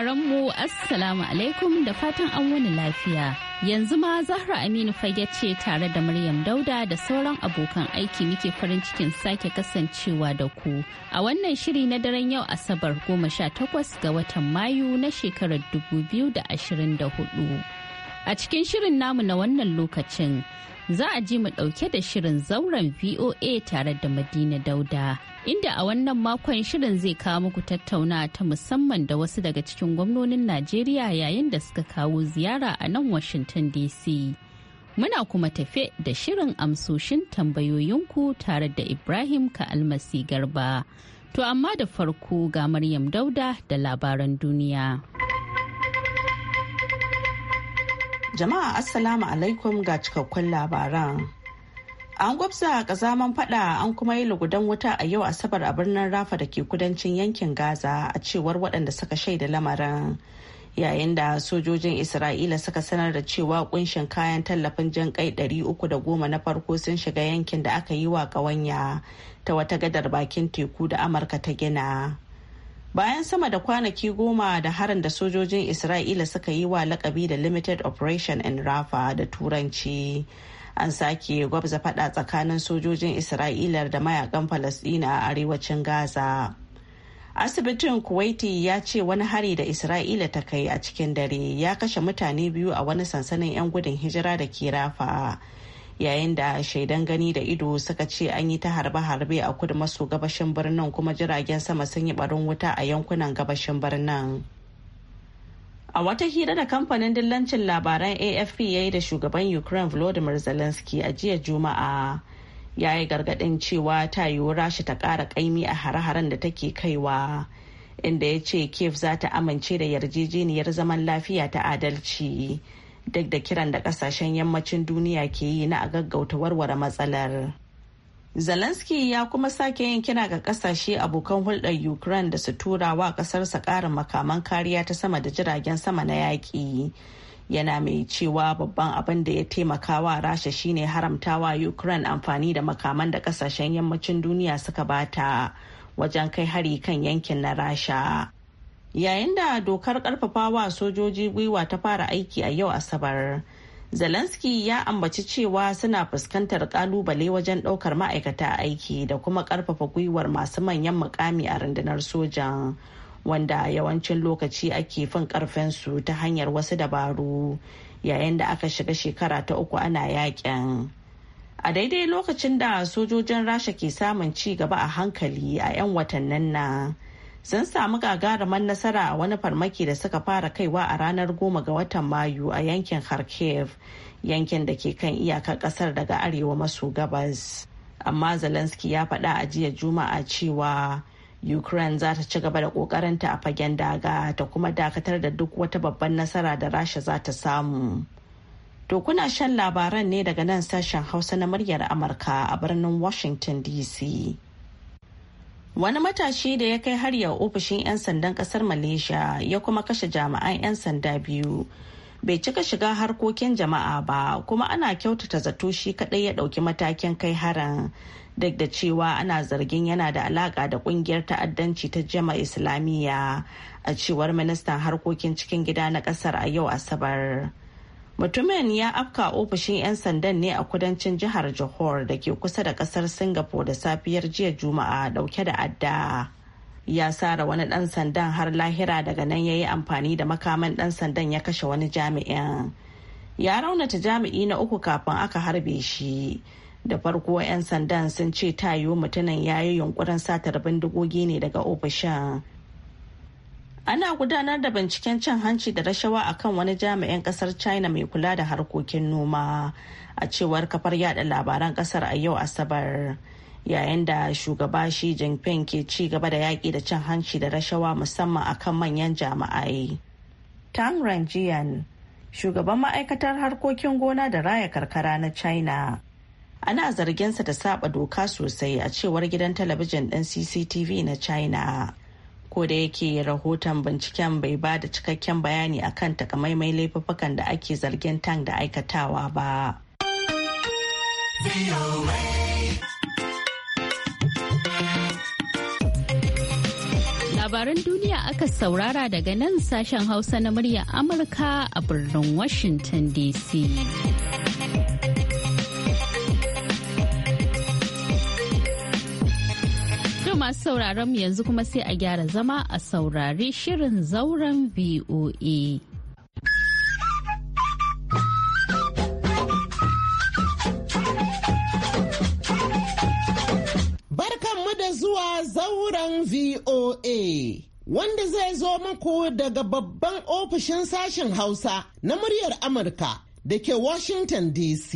sauraron mu Assalamu alaikum da fatan an wani lafiya. Yanzu ma Zahra Aminu fage ce tare da Maryam Dauda da sauran abokan aiki muke farin cikin sake kasancewa da ku. A wannan shiri na daren yau Asabar goma sha takwas ga watan Mayu na shekarar dubu biyu da da ashirin hudu A cikin shirin namu na wannan lokacin, za a ji mu ɗauke da shirin zauren VOA tare da Madina Dauda. Inda a wannan makon shirin zai kawo muku tattauna ta musamman da wasu daga cikin gwamnonin Najeriya yayin da suka kawo ziyara a nan Washington DC. Muna kuma tafe da shirin amsoshin tambayoyinku tare da Ibrahim ka almasi Garba. To amma da farko ga Maryam Dauda da labaran duniya. Jama'a Assalamu alaikum ga cikakkun labaran. An gwabza kazaman fada an kuma yi lugudan wuta a yau Asabar a birnin Rafa da ke kudancin yankin Gaza a cewar waɗanda suka shaida lamarin. Yayin da sojojin Isra'ila suka sanar da cewa kunshin kayan tallafin jan kai goma na farko sun shiga yankin da aka yi wa ƙawanya ta wata gadar bakin teku da Amurka ta gina. bayan sama da kwanaki goma da harin da sojojin isra'ila suka yi wa lakabi da limited operation in rafa da turanci an sake gwabza fada tsakanin sojojin isra'ila da mayakan falasdina a arewacin gaza asibitin kuwaiti ya ce wani hari da isra'ila ta kai a cikin dare ya kashe mutane biyu a wani sansanin 'yan gudun hijira da ke rafa yayin da shaidan gani da ido suka ce an yi ta harbe-harbe a kudu maso gabashin birnin kuma jiragen sama sun yi barin wuta a yankunan gabashin birnin a wata hira da kamfanin dillancin labaran afp ya yi da shugaban ukraine volodymyr zelensky a jiya juma'a ya yi gargadin cewa ta yiwu rasha ta kara kaimi a hare-haren da take kaiwa inda ya ce kiev za ta amince da yarjejeniyar zaman lafiya ta adalci duk da kiran da kasashen yammacin duniya ke yi na a gaggauta warware matsalar. Zelensky ya kuma sake yin kina ga kasashe abokan hulɗar Ukraine da su tura wa ƙasarsa ƙarin makaman kariya ta sama da jiragen sama na yaƙi. Yana mai cewa babban abin da ya taimaka wa Rasha shine haramtawa Ukraine amfani da makaman da ƙasashen yammacin duniya suka bata wajen kai hari kan yankin na Rasha. yayin da dokar wa sojoji gwiwa ta fara aiki a yau asabar zelensky ya ambaci cewa suna fuskantar kalubale wajen daukar ma'aikata aiki da kuma karfafa gwiwar masu manyan mukami a rundunar sojan wanda yawancin lokaci ake fin karfensu ta hanyar wasu dabaru yayin da aka shiga shekara ta uku ana yakin a daidai lokacin da sojojin rasha ke samun ci gaba a hankali a 'yan watannin nan sun samu gagaruman nasara a wani farmaki da suka fara kaiwa a ranar goma ga watan mayu a yankin kharkiv yankin da ke kan iyakar kasar daga arewa maso gabas amma zelensky ya faɗa a jiya juma'a cewa ukraine za ta ci gaba da ƙoƙarinta a fagen daga ta kuma dakatar da duk wata babban nasara da rasha za ta samu to kuna shan labaran ne daga nan sashen hausa na muryar amurka a birnin washington dc Wani matashi da ya kai har ya ofishin 'yan sandan kasar Malaysia ya kuma kashe jami'an 'yan sanda biyu. Bai cika shiga harkokin jama'a ba kuma ana kyautata zato shi kadai ya ɗauki matakin kai haran duk da cewa ana zargin yana da alaƙa da ƙungiyar ta'addanci ta jama islamiyya a cewar ministan harkokin cikin gida na ƙasar a yau asabar. mutumin ya afka ofishin 'yan sandan ne a kudancin jihar johor da ke kusa da kasar singapore da safiyar jiya juma'a dauke da adda ya sara wani dan sandan har lahira daga nan ya yi amfani da makaman dan sandan ya kashe wani jami'in ya raunata jami'i na uku kafin aka harbe shi da farko 'yan sandan sun ce tayo mutumin ya yi yunkurin satar bindigogi ne daga ofishin ana gudanar da binciken cin hanci da rashawa a kan wani jami'in kasar china mai kula da harkokin noma a cewar kafar yada labaran kasar a yau asabar yayin da shugaba shi jinping ke ci gaba da yaƙi da cin hanci da rashawa musamman akan manyan jami'ai tang ranjian shugaban ma'aikatar harkokin gona da raya karkara na china ana zarginsa da saba doka sosai a cewar gidan talabijin din cctv na china ko da yake rahoton binciken bai ba da cikakken bayani akan takamaimai laifukan da ake zargin tang da aikatawa ba. labaran duniya aka saurara daga nan sashen hausa na muryar amurka a birnin washington dc sauraron mu yanzu kuma sai a gyara zama a saurari shirin zauren VOA. Barkanmu da zuwa zauren VOA. Wanda zai zo muku daga babban ofishin sashen Hausa na muryar Amurka da ke Washington DC.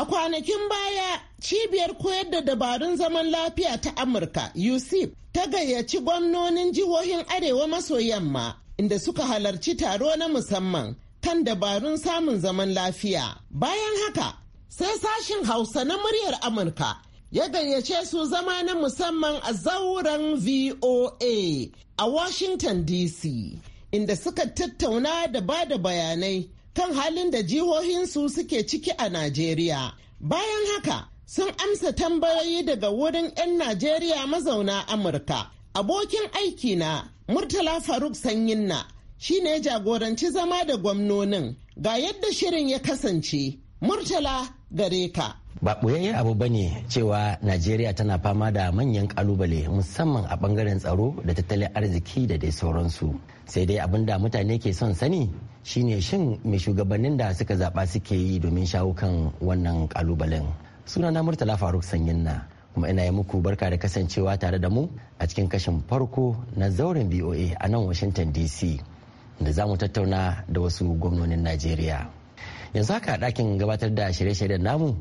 A kwanakin baya, cibiyar koyar da dabarun zaman lafiya ta Amurka, USIP, ta gayyaci gwamnonin jihohin Arewa maso yamma, inda suka halarci taro na musamman kan dabarun samun zaman lafiya. Bayan haka, sai sashin Hausa na muryar Amurka ya gayyace su zama na musamman a zauren VOA a Washington DC, inda suka tattauna da bada bayanai kan halin da jihohinsu suke ciki a Najeriya. Bayan haka, sun amsa tambayoyi daga wurin 'yan Najeriya mazauna Amurka. Abokin aiki na, Murtala Faruk Sanyinna, shi ne jagoranci zama da gwamnonin. Ga yadda shirin ya kasance, Murtala gare ka. ba ɓoyayyen abu ba ne cewa najeriya tana fama da manyan kalubale musamman a ɓangaren tsaro da tattalin arziki da dai sauransu sai dai abin da mutane ke son sani shine shin mai shugabannin da suka zaɓa suke yi domin shawo kan wannan kalubalen na murtala faruk sanyin na kuma ina yi muku barka da kasancewa tare da mu a cikin kashin farko na zauren voa a nan washington dc da za mu tattauna da wasu gwamnonin najeriya yanzu haka a ɗakin gabatar da shirye-shiryen namu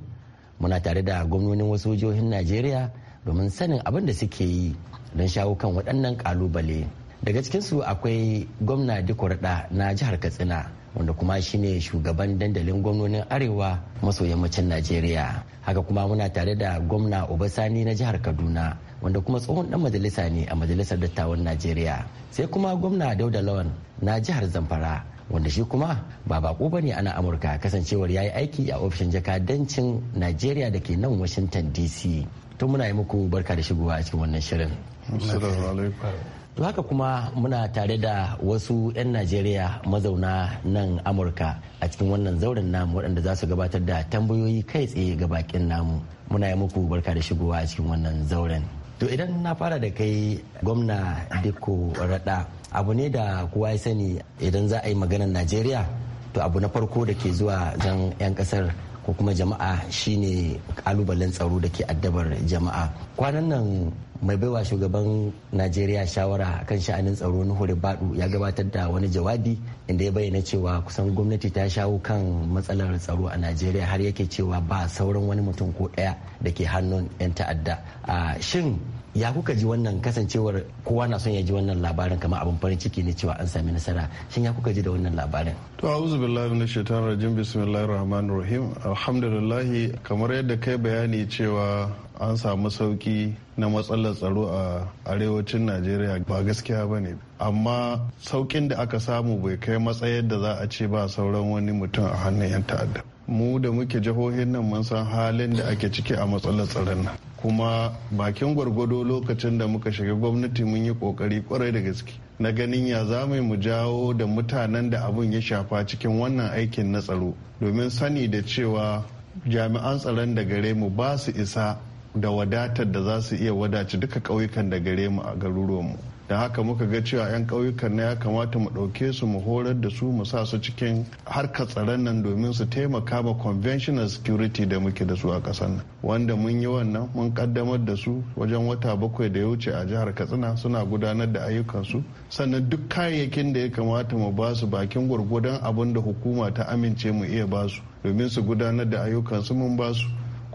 muna tare da gwamnonin wasu jihohin najeriya domin sanin abin da suke yi don shawo kan waɗannan kalubale daga cikinsu akwai gwamna dikurda na jihar katsina wanda kuma shine shugaban dandalin gwamnonin arewa maso yammacin najeriya haka kuma muna tare da gwamna obasani na jihar kaduna wanda kuma tsohon dan majalisa ne a majalisar dattawan najeriya sai kuma gwamna dauda lawan na jihar zamfara wanda shi kuma ba bako ba ne ana amurka kasancewar ya yi aiki a ofishin jakadancin najeriya da ke nan washington dc tun muna yi muku barka da shigowa a cikin wannan shirin to haka kuma muna tare da wasu 'yan najeriya mazauna nan amurka a cikin wannan zauren namu waɗanda za su gabatar da tambayoyi kai tsaye ga bakin namu muna yi muku barka da shigowa a cikin wannan zauren to idan na fara da kai gwamna diko raɗa. abu ne da kowa ya sani idan za a yi maganar najeriya to abu na farko da ke zuwa zan 'yan kasar ko kuma jama'a shine kalubalen tsaro da ke addabar jama'a kwanan nan mai baiwa shugaban najeriya shawara kan sha'anin tsaro nuhu badu ya gabatar da wani jawabi inda ya bayyana cewa kusan gwamnati ta shawo kan matsalar tsaro a najeriya har yake cewa ba sauran wani mutum ko ɗaya da ke hannun 'yan ta'adda shin ya kuka ji wannan kasancewar kowa na son ya ji wannan labarin kamar abin farin ciki ne cewa an sami nasara shin ya kuka ji da wannan labarin to a'udhu billahi minash shaitan rajim bismillahir rahmanir rahim alhamdulillah kamar yadda kai bayani cewa an samu sauki na matsalar tsaro a arewacin najeriya ba gaskiya ba ne amma saukin da aka samu bai kai matsayar da za a ce ba sauran wani mutum a hannun 'yan ta'adda mu da muke jihohin nan mun san halin da ake ciki a matsalar tsaron nan kuma bakin gwargwado lokacin da muka shiga gwamnati mun yi kokari kwarai da gaske na ganin ya za mu jawo da mutanen da abun ya shafa cikin wannan aikin na tsaro domin sani da cewa jami'an tsaron da gare mu ba su isa da wadatar da za su iya wadaci duka ƙauyukan da gare mu a garuruwanmu da haka muka ga cewa 'yan ƙauyukan na ya kamata mu ɗauke su mu horar da su mu sa su cikin harka tsaron nan domin su taimaka ma conventional security da muke da su a ƙasar nan wanda mun yi wannan mun ƙaddamar da su wajen wata bakwai da ya wuce a jihar katsina suna gudanar da ayyukansu sannan duk kayayyakin da ya kamata mu ba su bakin gwargwadon abin da hukuma ta amince mu iya ba su domin su gudanar da ayyukansu mun ba su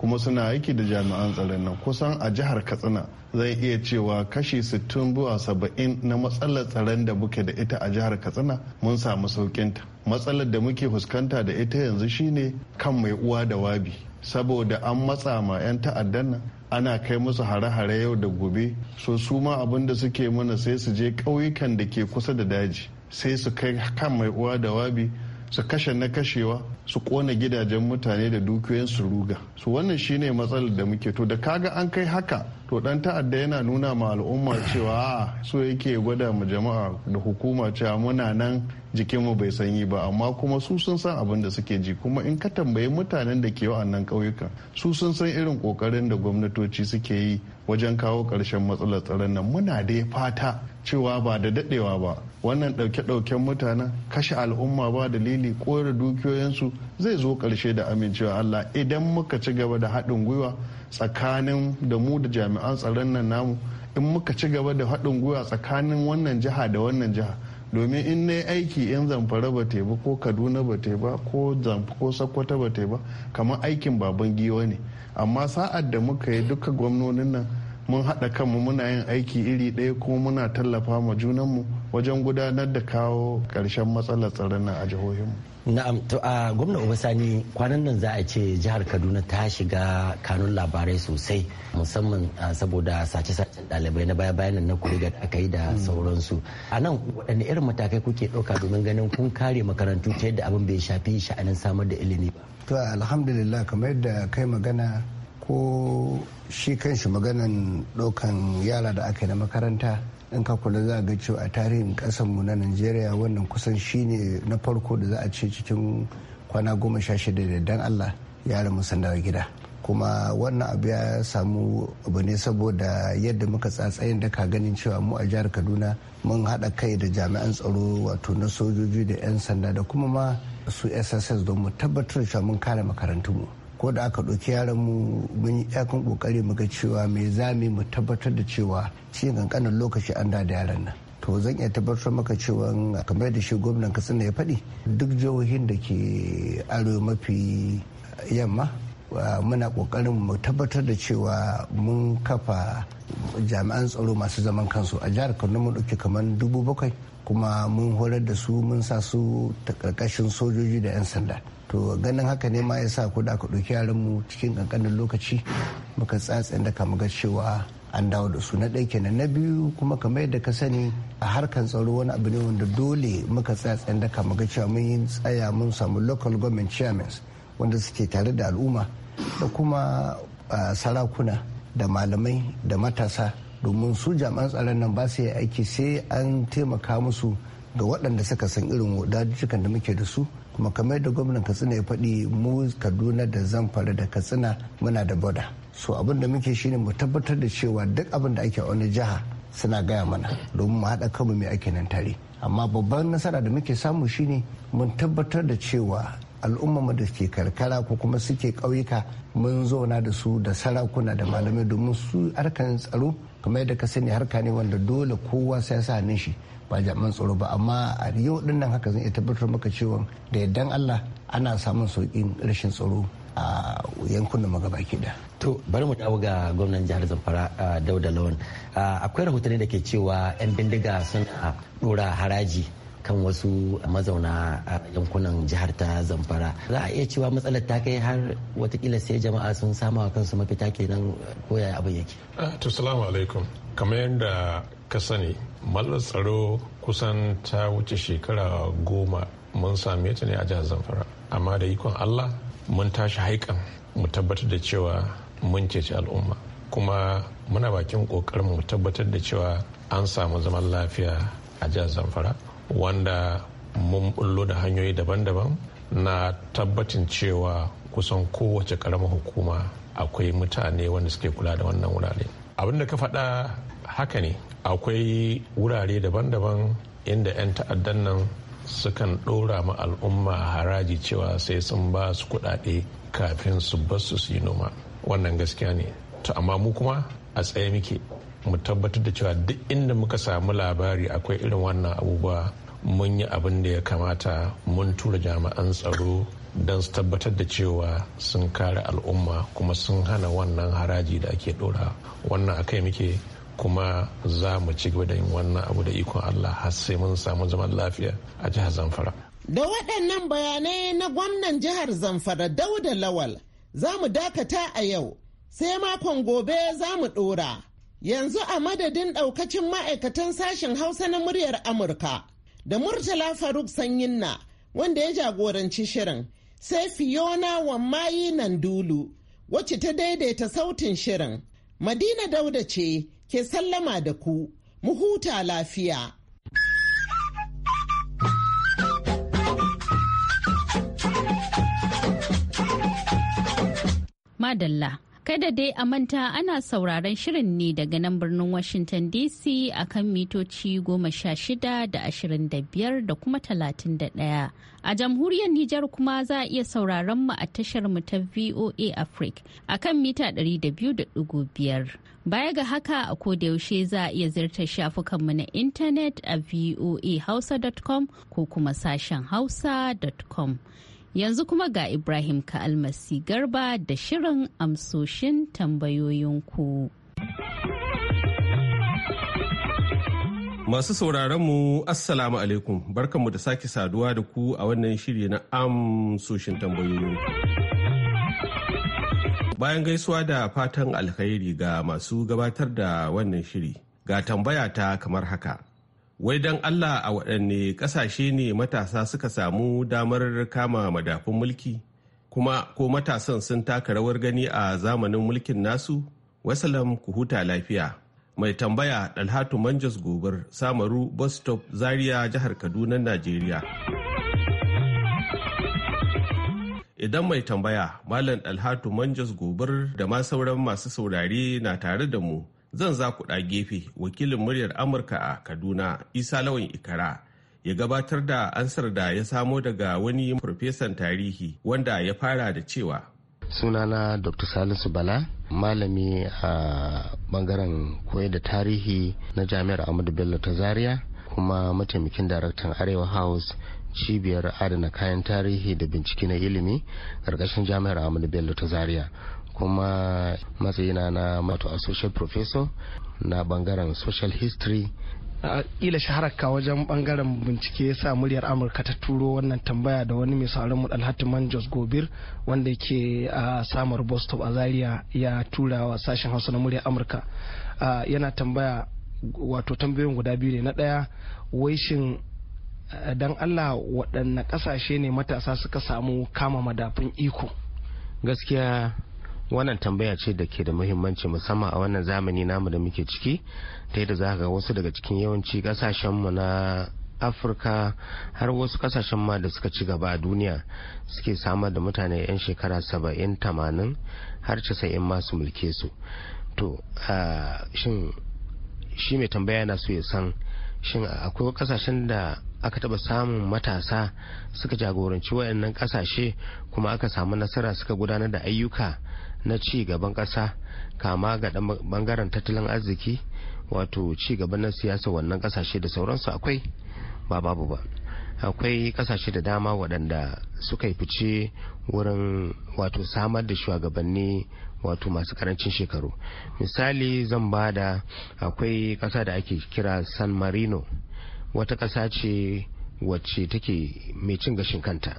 kuma suna aiki da jami'an tsaron nan kusan a jihar katsina zai iya cewa kashi 60 zuwa 70 na matsalar tsaron da muke da ita a jihar katsina mun samu saukinta matsalar da muke fuskanta da ita yanzu shine kan mai uwa da wabi saboda an matsa ma 'yan ta'addan nan ana kai musu hare-hare yau da gobe so su ma abin da suke mana sai su je ƙauyukan da ke kusa da daji sai su kai kan mai uwa da wabi su kashe na kashewa su kona gidajen mutane da dukiyoyin su ruga su wannan shine matsalar da muke to da kaga an kai haka to dan ta'adda yana nuna ma al'umma cewa so yake gwada ma jama'a da hukuma cewa muna nan jikinmu bai sanyi ba amma kuma su sun san abin da suke ji kuma in ka tambayi mutanen da ke wa'annan ƙauyukan su sun san irin kokarin da gwamnatoci suke yi wajen kawo karshen matsalar tsaron nan muna dai fata cewa ba da daɗewa ba wannan ɗauke-ɗauken mutanen kashe al'umma ba dalili kore dukiyoyinsu zai zo ƙarshe da amincewa allah idan muka ci gaba da haɗin gwiwa tsakanin da mu da jami'an tsaron nan namu in muka ci gaba da haɗin gwiwa tsakanin wannan jiha da wannan jiha domin in na aiki in zamfara ba ta ba ko kaduna ba ta ba ko zamfara ko sakkwata ba ta ba kamar aikin baban giwa ne amma sa'ad da muka yi duka gwamnonin nan mun haɗa kanmu muna yin aiki iri ɗaya kuma muna tallafa ma junanmu wajen gudanar da kawo ƙarshen matsalar tsaron nan a jihohinmu. Na'am to a gwamna Obasani kwanan nan za a ce jihar Kaduna ta shiga kanun labarai sosai musamman saboda sace-sacen ɗalibai na baya bayanan na kuri da aka yi da mm. sauransu. A nan waɗanne irin matakai kuke ɗauka domin ganin kun kare makarantu ta yadda abin bai shafi sha'anin samar da ilimi ba. To alhamdulillah kamar yadda kai magana ko shi kanshi maganan ɗaukan yara da aka yi na makaranta in ka kula za a ga cewa a tarihin mu na najeriya wannan kusan shine na farko da za a ce cikin kwana goma sha shida da dan allah yara mu dawo gida kuma wannan abu ya samu abu ne saboda yadda muka tsatsayin da ka ganin cewa mu a jihar kaduna mun haɗa kai da jami'an tsaro wato na sojoji da 'yan sanda da kuma ma su sss don mu tabbatar cewa mun kare makarantunmu ko da aka ɗauki yaran mu mun yi yakan mu ga cewa me za mu tabbatar da cewa shi kankanin lokaci an da da yaran nan to zan iya tabbatar maka cewa kamar da shi gwamnan na ya faɗi duk jihohin da ke arewa mafi yamma muna kokarin mu tabbatar da cewa mun kafa jami'an tsaro masu zaman kansu a jihar kano mun ɗauki kamar dubu bakwai kuma mun horar da su mun sa su ta ƙarƙashin sojoji da 'yan sanda to ganin haka ne ma ya sa ku da aka ɗauki yaranmu cikin kankanin lokaci muka tsatsa da kama ga cewa an dawo da su na ɗaya kenan na biyu kuma kamar yadda ka sani a harkar tsaro wani abu ne wanda dole muka tsatsa da kama ga cewa mun yi tsaya mun samu local government chairmen wanda suke tare da al'umma da kuma sarakuna da malamai da matasa domin su jami'an tsaron nan ba su yi aiki sai an taimaka musu ga waɗanda suka san irin wadajujjukan da muke da su kuma kamar da gwamnan katsina ya faɗi mu kaduna da zamfara da katsina muna da boda so abin da muke shine mu tabbatar da cewa duk abin da ake a wani jiha suna gaya mana domin mu haɗa kanmu mai ake nan tare amma babban nasara da muke samu shine mun tabbatar da cewa al'ummar da ke karkara ko kuma suke ƙauyuka mun zauna da su da sarakuna da malamai domin su harkan tsaro kamar yadda ka sani harka ne wanda dole kowa sai sa hannun shi ba jami'an tsaro ba amma a yau din nan haka zan iya tabbatar maka cewa da yardan Allah ana samun sauƙin rashin tsaro a yankunan magabaki da. To bari mu dawo ga gwamnan jihar Zamfara Dauda Lawan. Akwai rahotanni da ke cewa 'yan bindiga suna dora haraji kan wasu mazauna a yankunan jihar ta zamfara za a iya cewa matsalar ta kai har watakila sai jama'a sun sama kansu mafita kenan koya abin yake ah, to salamu kamar yadda ka sani matsalar tsaro kusan ta wuce shekara goma mun same ta ne a jihar zamfara amma da ikon allah mun tashi haikan mu tabbatar da cewa mun ceci al'umma kuma muna bakin kokarin mu tabbatar da cewa an samu zaman lafiya a jihar zamfara wanda mun bullo da hanyoyi daban-daban na tabbacin cewa kusan kowace karamar hukuma akwai mutane wanda suke kula da wannan wurare abin da ka faɗa haka ne akwai wurare daban-daban inda 'yan ta'addan nan sukan ɗora ma al'umma haraji cewa sai sun ba su kuɗaɗe kafin su basu su yi noma wannan gaskiya ne to amma mu kuma a tsaye muke mu tabbatar da cewa duk inda muka samu labari akwai irin wannan abubuwa mun yi abin da ya kamata mun tura jami'an tsaro don su tabbatar da cewa sun kare al'umma kuma sun hana wannan haraji da ake dora wannan akai muke kuma za mu ci gaba da yin wannan abu da ikon allah har sai mun samu zaman lafiya a jihar zamfara da waɗannan bayanai na gwamnan jihar zamfara dauda lawal za mu dakata a yau sai makon gobe za mu ɗora yanzu a madadin ɗaukacin ma'aikatan sashen hausa na muryar amurka da Murtala Faruk sanyin na wanda ya jagoranci shirin sai Fiona Wammayi dulu wacce ta daidaita sautin shirin. Madina Dauda ce ke sallama da ku, mu huta lafiya. Madalla. Kada dai a manta ana sauraron shirin ne daga nan birnin Washington DC a kan mitoci goma sha shida da ashirin da biyar da kuma talatin da ɗaya. A jamhuriyar Nijar kuma za a iya sauraron mu a tashar mu ta VOA Africa a kan mita ɗari da biyu da ɗigo biyar. Baya ga haka a kodayaushe za a iya ziyartar shafukanmu na intanet a voahausa.com ko kuma sashen hausa.com. Yanzu kuma ga Ibrahim Ka'almasi Garba da shirin amsoshin tambayoyinku. Masu sauraronmu Assalamu alaikum, barkanmu da sake saduwa da ku a wannan shiri na amsoshin tambayoyinku. bayan gaisuwa da fatan alkhairi ga masu gabatar da wannan shiri ga tambaya ta kamar haka wai don allah a waɗanne ƙasashe ne matasa suka samu damar kama madafun mulki kuma ko matasan sun taka rawar gani a zamanin mulkin nasu wasalam ku huta lafiya mai tambaya dalhatu manjas gobar samaru bus stop zaria jihar kaduna najeriya idan mai tambaya malam dalhatu manjas gobar da ma sauran masu saurare na tare da mu zan za kuɗa gefe wakilin muryar amurka a kaduna isa lawan ikara ya gabatar da ansar da ya samo daga wani farfesan tarihi wanda ya fara da cewa sunana dr salisu bala malami a bangaren koyar da tarihi na jami'ar ahmadu bello ta zaria kuma mataimakin daraktan arewa house cibiyar adana kayan tarihi da bincike na ilimi ƙarƙashin jami'ar ahmadu bello ta zaria kuma matsayina na mato associate professor na bangaren social history Ila shahararka wajen bangaren bincike ya sa muryar amurka ta turo wannan tambaya da wani mai sauran mu alhatiman jos gobir wanda ke a samar boston a zaria ya tura wa sashen hausa na muryar amurka yana tambaya wato tambayoyin guda biyu ne na ɗaya wai shin dan allah waɗanne ƙasashe ne matasa suka samu kama madafin iko gaskiya wannan tambaya ce da ke da muhimmanci musamman a wannan zamani namu da muke ciki ta yadda za ga wasu daga cikin yawanci kasashenmu na afirka har wasu kasashen ma da suka ci gaba a duniya suke samar da mutane 'yan shekara 70 tamanin har casa'in masu mulke su to shin shi mai tambaya na so ya san shin akwai kasashen da aka taba samun matasa suka jagoranci waɗannan kasashe kuma aka samu nasara suka gudanar da ayyuka na ci gaban ƙasa kama ga bangaren tattalin arziki wato ci gaban na siyasa wannan ƙasashe da sauransu akwai ba babu ba akwai ƙasashe da dama waɗanda suka yi fice wurin wato samar da shugabanni wato masu karancin shekaru misali zan ba da akwai ƙasa da ake kira san marino wata ƙasa ce wacce take mai cin gashin kanta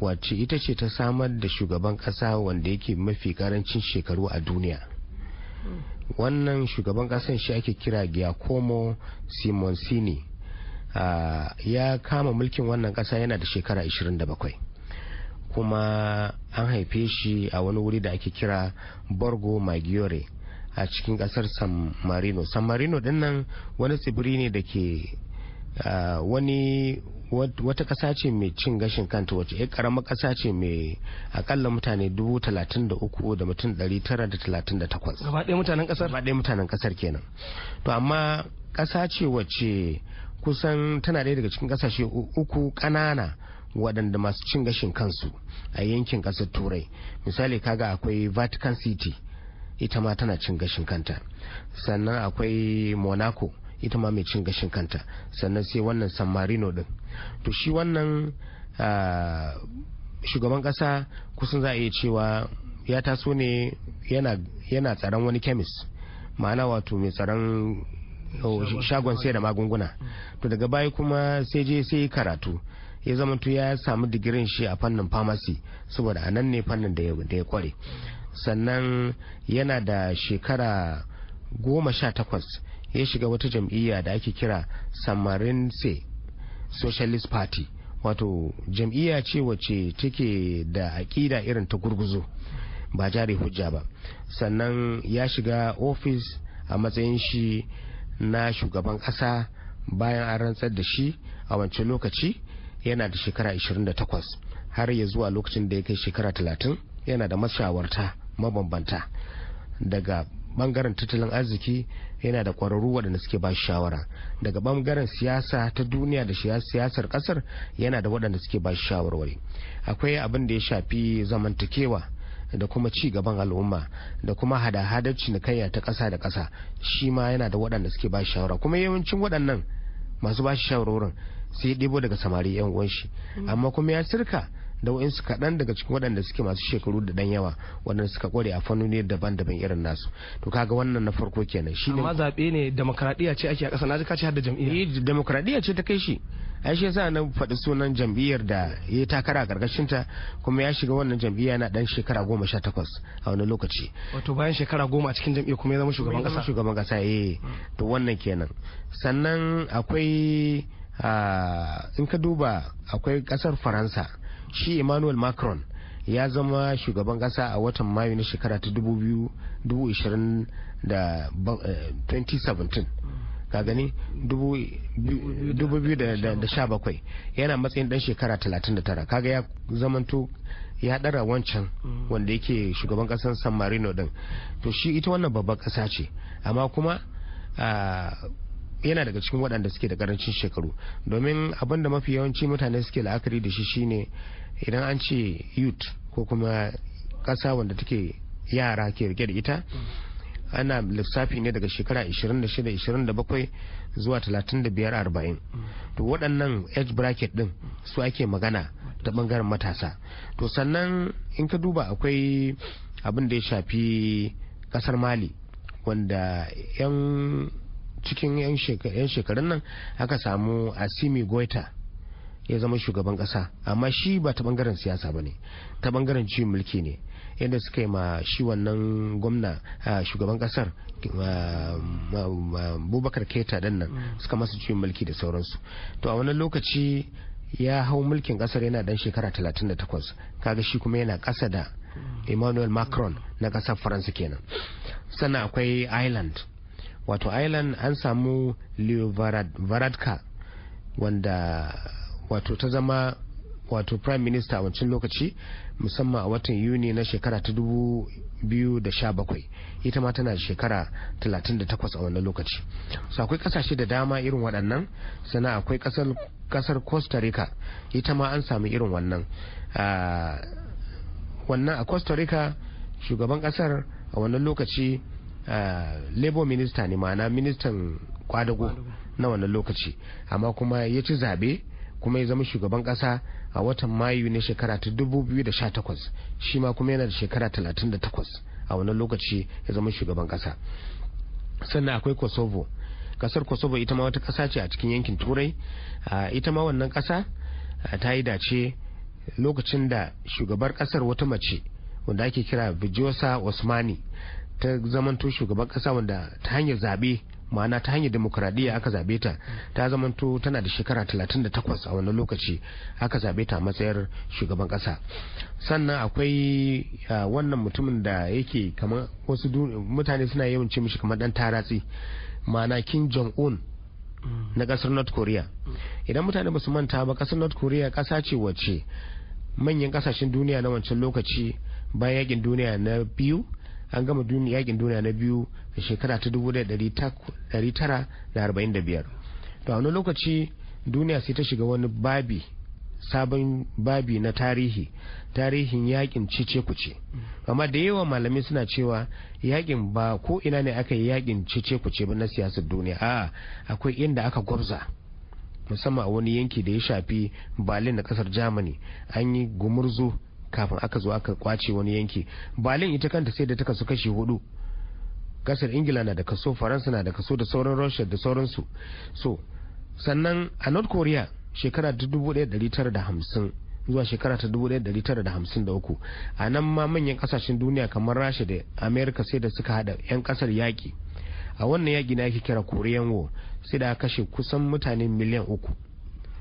wacce ita ce ta samar da shugaban kasa wanda yake mafi karancin shekaru a duniya wannan shugaban kasan shi ake kira giacomo simoncini ya kama mulkin wannan kasa yana da shekara 27 kuma an haife shi a wani wuri da ake kira borgo maggiore a cikin kasar san marino san marino dinnan wani tsibiri ne da ke Ah, wani wata kasa ce mai cin gashin kanta wacce ya karama kasa ce mai akalla mutane dubu talatin da uku da mutum dari tara da talatin da takwas gaba mutanen kasar gaba mutanen kasar kenan to amma kasa ce wacce kusan tana ɗaya daga cikin kasashe uku ƙanana waɗanda masu cin gashin kansu a yankin ƙasar turai misali kaga akwai vatican city ita ma tana cin gashin kanta sannan akwai monaco ita ma mai cin gashin kanta sannan sai wannan san marino din to shi wannan shugaban kasa kusan za a iya cewa ya taso ne yana tsaron wani kemis ma'ana wato mai tsaron oh, shagon sai da magunguna to daga baya kuma sai je sai karatu ya zama zamanto ya samu digirin shi a fannin pharmacy saboda a nan ne fannin da ya kware sannan yana da shekara goma sha takwas ya shiga wata jam'iyya da ake kira samarinse socialist party wato jam'iyya ce wacce take da aƙida irin ta gurguzo ba jari hujja ba sannan ya shiga ofis a matsayin shi na shugaban ƙasa bayan an rantsar da shi a wancan lokaci yana da shekara 28 har ya zuwa lokacin da ya kai shekara 30 yana da mashawarta mabambanta daga bangaren tattalin arziki yana da kwararru waɗanda suke ba shawara daga bangaren siyasa ta duniya da siyasar ƙasar yana da waɗanda suke ba shawarwari akwai abin da ya shafi zamantakewa da kuma ci gaban al'umma da kuma hada-hadar cinikayya ta ƙasa da ƙasa shi ma yana da waɗanda suke ba shawara kuma yawancin waɗannan masu ba shi shawarwarin sai ɗebo daga samari 'yan uwan shi mm. amma kuma ya sirka da wa'insu kaɗan daga cikin waɗanda suke masu shekaru da ɗan yawa waɗanda suka ƙware a fannoni daban-daban irin nasu to kaga wannan na farko kenan shi ne amma zaɓe ne demokradiyya ce ake a ƙasa na ji ka ce har da jam'iyya eh, demokradiyya ce ta kai shi ai shi yasa na faɗi sunan jam'iyyar da ya takara a ƙarƙashin ta kuma ya shiga wannan jam'iyya na ɗan shekara goma sha takwas a wani lokaci wato bayan shekara goma a cikin jam'iyyar kuma ya zama shugaban ƙasa shugaban ƙasa eh to wannan kenan sannan akwai ah, in ka duba akwai ƙasar faransa shi emmanuel macron ya zama shugaban kasa a watan mayu na shekara ta 2017 eh, ka gani 2017 yana matsayin dan shekara 39 kaga ya zamanto ya dara wancan wanda yake shugaban kasan san marino din to shi ita wannan babban kasa ce amma kuma ah, yana daga cikin waɗanda suke da karancin shekaru domin abin da mafi yawanci mutane suke la'akari da shi shine idan an ce youth ko kuma ƙasa wanda take yara ke rike da ita ana lissafi ne daga shekara 26-27 zuwa 35-40 to waɗannan age bracket ɗin su ake magana ta ɓangaren matasa to sannan in ka duba akwai abin da ya shafi ƙasar mali wanda 'yan cikin 'yan shekarun nan aka samu asimi goita ya zama shugaban kasa amma shi ba ta bangaren siyasa ba ne ta bangaren cin mulki ne yadda suka yi ma shi wannan gwamna shugaban kasar bubakar keta dan nan mm. suka masa ciwon mulki da sauransu to a wani lokaci ya hau mulkin kasar yana dan shekara 38 kaga shi kuma yana kasa da mm. emmanuel macron na kasar faransa kenan sannan akwai island. wato ireland an samu leo varadka wanda wato ta zama wato prime minister a wancan lokaci musamman a watan yuni na shekara ta 2017 ita ma tana shekara 38 a wannan lokaci so akwai kasashe da dama irin waɗannan sana akwai kasar costa rica ita ma an samu irin wannan ah, wannan a costa rica shugaban kasar a wannan lokaci Eh, labor minista ne ma'ana ministan kwadago na wannan lokaci amma kuma ya ci zabe kuma ya zama shugaban kasa a watan mayu na shekara ta 2018 shi ma kuma yana da shekara 38 a wannan lokaci ya zama shugaban kasa sannan akwai kosovo kasar kosovo ita ma wata kasa ce a cikin yankin turai eh, ita ma wannan kasa eh, ta yi dace lokacin da shugabar kasar wata mace wanda ake kira bijosa osmani ta zamanto shugaban kasa wanda ta hanyar zaɓe ma'ana ta hanyar demokuraɗiyya aka zabe ta ta zamanto tana da shekara 38 a wannan lokaci aka zabe ta matsayar shugaban kasa sannan akwai wannan mutumin da yake kamar wasu mutane suna yawan ce mishi kamar dan taratsi ma'ana kim jong un na kasar north korea idan mutane ba su manta ba kasar north korea kasa ce wacce manyan kasashen duniya na wancan lokaci bayan yakin duniya na biyu an gama yakin duniya na biyu a shekara ta 1945 to a wani lokaci duniya sai ta shiga wani babi sabon babi na tarihi tarihin yakin cece kuce amma da yawa malamai suna cewa yakin ba ko ina ne aka yi yakin cece kuce ba na siyasar duniya a akwai inda aka gwabza musamman a wani yanki da ya shafi berlin na kasar germany an yi gumurzu kafin aka zo aka kwace wani yanki balin ita kanta sai da ta kasu kashi hudu kasar ingila na da kaso faransa na da kaso da sauran russia da sauransu so sannan a north korea shekara ta 1950 zuwa shekara ta 1953 a nan ma manyan kasashen duniya kamar rasha da america sai da suka hada 'yan kasar yaƙi a wannan yaƙi na yake kira korean war sai da kashe kusan mutane miliyan uku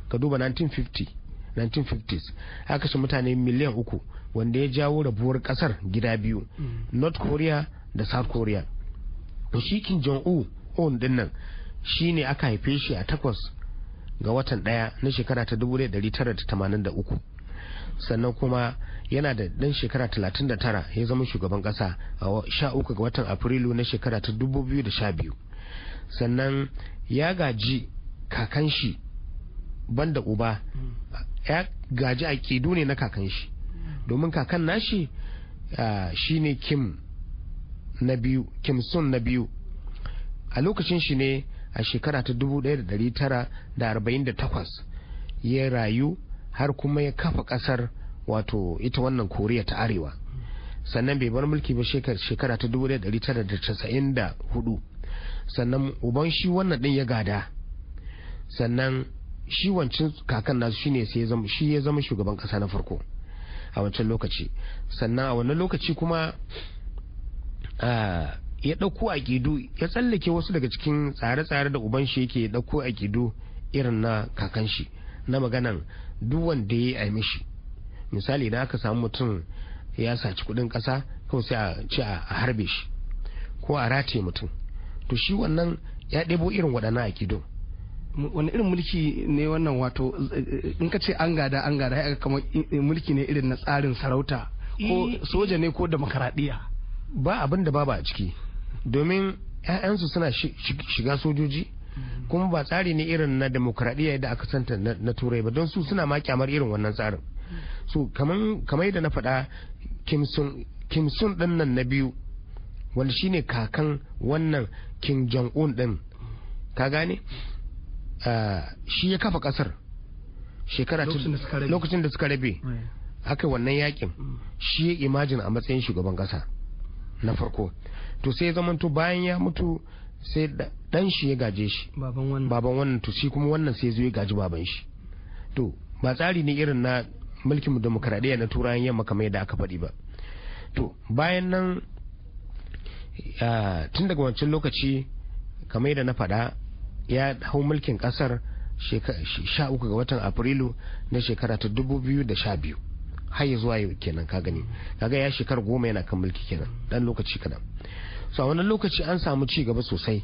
ka duba 1950 1950s ya kashe mutane miliyan uku wanda ya jawo rabuwar kasar gida biyu mm. north korea da south korea da shi kim jong un din nan shi ne aka haife shi a takwas ga watan daya na shekara ta 1983 sannan kuma yana da dan shekara 39 ya zama shugaban kasa a 13 ga watan afrilu na shekara ta 2012 sannan ya gaji kakan shi banda uba mm. ya gaji aƙidu ne na kakan shi domin kakan nashi ne kim na biyu kim sun na biyu a lokacin shi ne a shekara ta 1948 ya rayu har kuma ya kafa kasar wato ita wannan koriya ta arewa sannan bai bar mulki ba shekara ta 1994 sannan uban shi wannan din ya gada sannan shi wancan kakan nasu shine sai ya shi ya zama shugaban kasa na farko a wancan lokaci sannan a wannan lokaci kuma ya ɗauko aƙidu ya tsallake wasu daga cikin tsare-tsare da uban shi yake dauko ɗauko aƙidu irin na kakan shi na maganan duk wanda ya yi mishi misali idan aka samu mutum ya saci kudin kasa kawai sai a ci a harbe shi ko a rataye mutum to shi wannan ya ɗebo irin waɗannan aƙidun wani irin mulki ne wannan wato in ka ce an gada an gada ya kamar mulki ne irin na tsarin sarauta ko eh. soja ne ko demokaradiyya ba abin da babu a ciki domin 'ya'yansu suna shiga sojoji mm. kuma ba tsari ne irin na demokaradiyya da aka santa na turai ba don su suna ma kyamar irin wannan tsarin mm. so kamar yadda na faɗa kimsun ɗin nan na biyu wanda shine kakan wannan king jong un ɗin ka gane Eh, shi ya kafa kasar shekara lokacin da suka rabe haka wannan yakin mm. shi ya imajin a matsayin shugaban kasa na farko to sai zamanto bayan ya mutu sai dan shi ya gaje shi baban wannan to shi kuma wannan sai zo ya gaji baban shi to ba tsari ne irin na mulkin demokaradiyya na turayen yamma kamar yadda aka faɗi ba to bayan nan eh, tun daga wancan lokaci kamar yadda na faɗa ya hau mulkin kasar sha uku ga watan afrilu na shekara ta dubu biyu da sha biyu har ya zuwa yau kenan ka gani kaga ya shekar goma yana kan mulki kenan dan lokaci kadan so a wannan lokaci an samu ci gaba sosai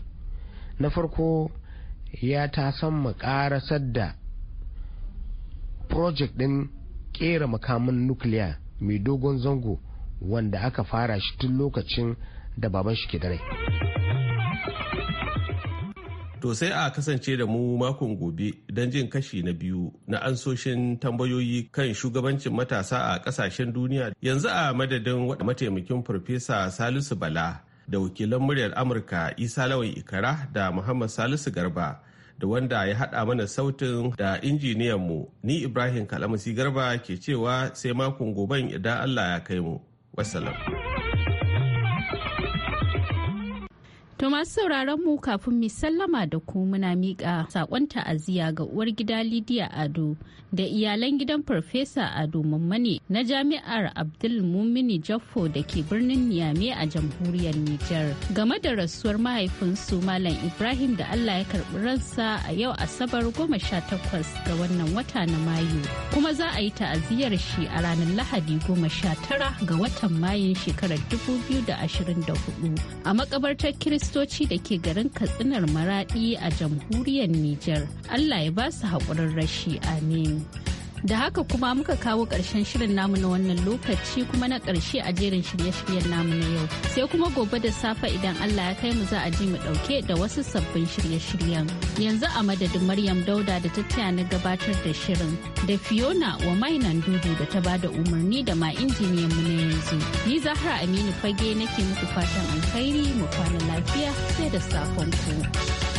na farko ya ta san karasar da project din kera makamin nukiliya mai dogon zango wanda aka fara shi tun lokacin da baban shi ke da rai. To sai a kasance da mu makon gobe don jin kashi na biyu na ansoshin tambayoyi kan shugabancin matasa a kasashen duniya yanzu a madadin wada mataimakin farfesa Salisu Bala da wakilan muryar Amurka Isa Lawan Ikara da Muhammad Salisu Garba da wanda ya haɗa mana sautin da injiniyan mu ni Ibrahim Kalamasi Garba ke cewa sai makon goben idan Allah ya kai mu. Wassalam. To masu sauraron mu kafin mu sallama da ku muna miƙa sakon ta'aziyya ga uwar gida Lidiya Ado da iyalan gidan Farfesa Ado Mummane na Jami'ar Abdul Mumini Jaffo da ke birnin Niamey a jamhuriyar Nijar. Game da rasuwar mahaifinsu Malam Ibrahim da Allah ya karɓi ransa a yau Asabar goma sha takwas ga wannan wata na Mayu. Kuma za a yi ta'aziyyar shi a ranar Lahadi goma sha tara ga watan Mayun shekarar dubu biyu da da hudu a makabartar Kirista kiristoci da ke garin katsinar maradi a jamhuriyar Nijar. Allah ya ba su haƙurin rashi amin. Da haka kuma muka kawo ƙarshen shirin namu na wannan lokaci kuma na ƙarshe a jerin shirye-shiryen namu na yau. Sai kuma gobe da safe idan Allah ya kai mu za a ji mu ɗauke da wasu sabbin shirye-shiryen. Yanzu a madadin Maryam Dauda da ta na gabatar da shirin da Fiona wa mainan dudu da ta ba da umarni da ma injiniyan mu na yanzu. Ni Zahra Aminu Fage nake muku fatan alkhairi mu kwana lafiya sai da safon ku.